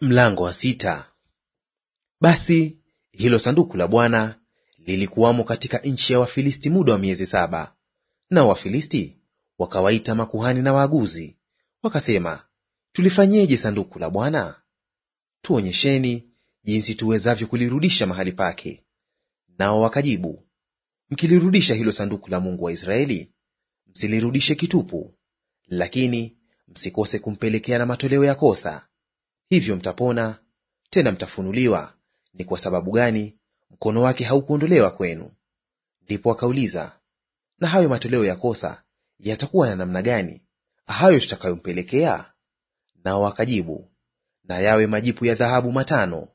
Mlango wa sita. Basi hilo sanduku la Bwana lilikuwamo katika nchi ya Wafilisti muda wa miezi saba. na Wafilisti wakawaita makuhani na waaguzi, wakasema, tulifanyeje sanduku la Bwana? Tuonyesheni jinsi tuwezavyo kulirudisha mahali pake. Nao wakajibu, mkilirudisha hilo sanduku la Mungu wa Israeli, msilirudishe kitupu, lakini msikose kumpelekea na matoleo ya kosa hivyo mtapona tena mtafunuliwa ni kwa sababu gani mkono wake haukuondolewa kwenu. Ndipo akauliza, na hayo matoleo ya kosa yatakuwa na namna gani hayo tutakayompelekea? Nao wakajibu, na yawe majipu ya dhahabu matano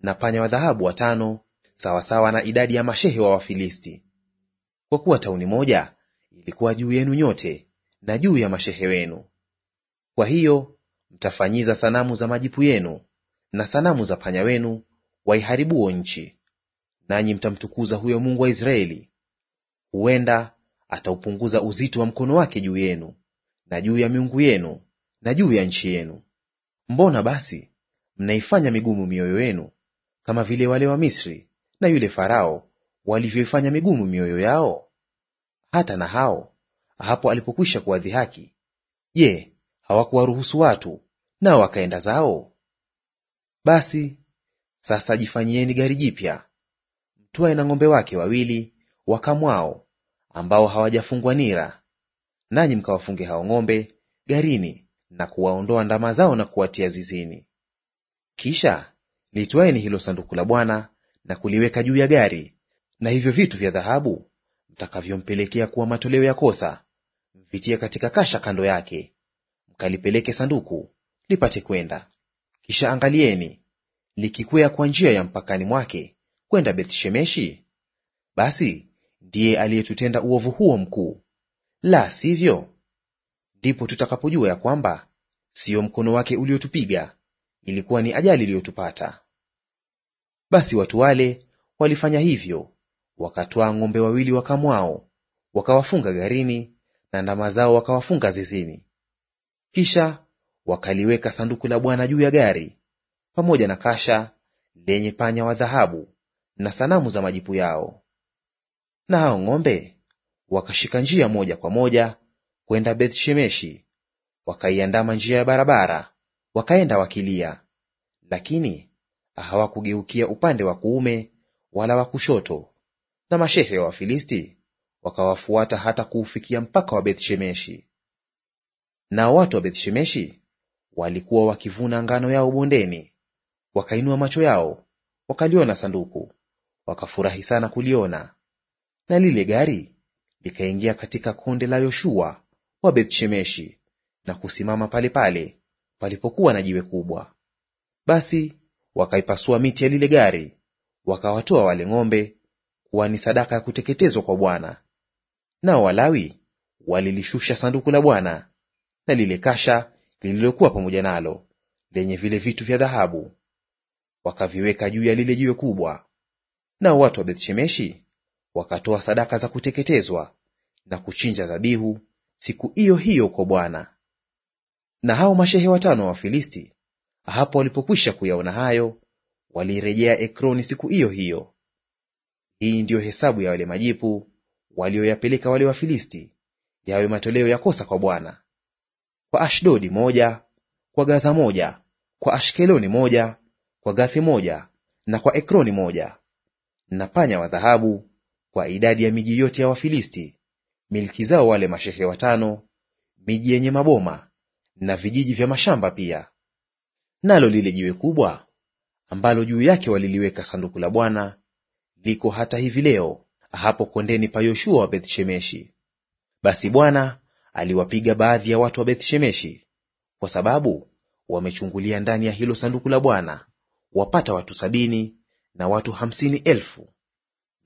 na panya wa dhahabu watano, sawasawa na idadi ya mashehe wa Wafilisti. Kwa kuwa tauni moja ilikuwa juu yenu nyote na juu ya mashehe wenu. Kwa hiyo Mtafanyiza sanamu za majipu yenu na sanamu za panya wenu waiharibuo nchi, nanyi mtamtukuza huyo Mungu wa Israeli. Huenda ataupunguza uzito wa mkono wake juu yenu na juu ya miungu yenu na juu ya nchi yenu. Mbona basi mnaifanya migumu mioyo yenu kama vile wale wa Misri na yule Farao walivyoifanya migumu mioyo yao? Hata na hao hapo alipokwisha kuwadhihaki, je, hawakuwaruhusu watu nao wakaenda zao? Basi sasa jifanyieni gari jipya, mtwae na ng'ombe wake wawili wakamwao, ambao hawajafungwa nira, nanyi mkawafunge hao ng'ombe garini na kuwaondoa ndama zao na kuwatia zizini. Kisha litwaeni hilo sanduku la Bwana na kuliweka juu ya gari, na hivyo vitu vya dhahabu mtakavyompelekea kuwa matoleo ya kosa mvitie katika kasha kando yake, mkalipeleke sanduku lipate kwenda. Kisha angalieni, likikwea kwa njia ya mpakani mwake kwenda Bethshemeshi, basi ndiye aliyetutenda uovu huo mkuu; la sivyo, ndipo tutakapojua ya kwamba siyo mkono wake uliotupiga, ilikuwa ni ajali iliyotupata. Basi watu wale walifanya hivyo, wakatwaa ng'ombe wawili wakamwao, wakawafunga garini, na ndama zao wakawafunga zizini. Kisha wakaliweka sanduku la Bwana juu ya gari, pamoja na kasha lenye panya wa dhahabu na sanamu za majipu yao. Na hao ng'ombe wakashika njia moja kwa moja kwenda Bethshemeshi, wakaiandama njia ya barabara, wakaenda wakilia, lakini hawakugeukia upande wa kuume wala wa kushoto. Na mashehe wa Wafilisti wakawafuata hata kuufikia mpaka wa Bethshemeshi. Nao watu wa Bethshemeshi walikuwa wakivuna ngano yao bondeni, wakainua macho yao wakaliona sanduku, wakafurahi sana kuliona. Na lile gari likaingia katika konde la Yoshua wa Bethshemeshi na kusimama pale pale palipokuwa na jiwe kubwa. Basi wakaipasua miti ya lile gari, wakawatoa wale ng'ombe kuwa ni sadaka ya kuteketezwa kwa Bwana. Nao Walawi walilishusha sanduku la Bwana na lile kasha lililokuwa pamoja nalo lenye vile vitu vya dhahabu, wakaviweka juu ya lile jiwe kubwa. Nao watu wa Bethshemeshi wakatoa sadaka za kuteketezwa na kuchinja dhabihu siku hiyo hiyo kwa Bwana. Na hao mashehe watano wa Wafilisti hapo walipokwisha kuyaona hayo, walirejea Ekroni siku hiyo hiyo. Hii ndiyo hesabu ya wale majipu walioyapeleka wale Wafilisti yawe matoleo ya kosa kwa Bwana kwa Ashdodi moja kwa Gaza moja kwa Ashkeloni moja kwa Gathi moja na kwa Ekroni moja na panya wa dhahabu kwa idadi ya miji yote ya Wafilisti, milki zao wale mashehe watano, miji yenye maboma na vijiji vya mashamba pia. Nalo lile jiwe kubwa ambalo juu yake waliliweka sanduku la Bwana liko hata hivi leo hapo kondeni pa Yoshua wa Bethshemeshi. Basi Bwana aliwapiga baadhi ya watu wa bethshemeshi kwa sababu wamechungulia ndani ya hilo sanduku la Bwana wapata watu sabini na watu hamsini elfu.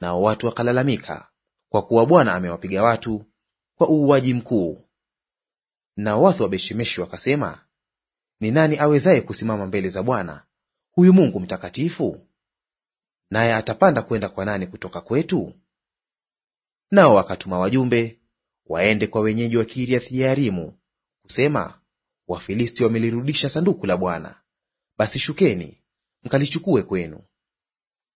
Nao watu wakalalamika, kwa kuwa Bwana amewapiga watu kwa uuaji mkuu. Nao watu wa Bethshemeshi wakasema, ni nani awezaye kusimama mbele za Bwana huyu Mungu mtakatifu? Naye atapanda kwenda kwa nani kutoka kwetu? Nao wakatuma wajumbe waende kwa wenyeji wa Kiriath Yearimu kusema, Wafilisti wamelirudisha sanduku la Bwana. Basi shukeni mkalichukue kwenu.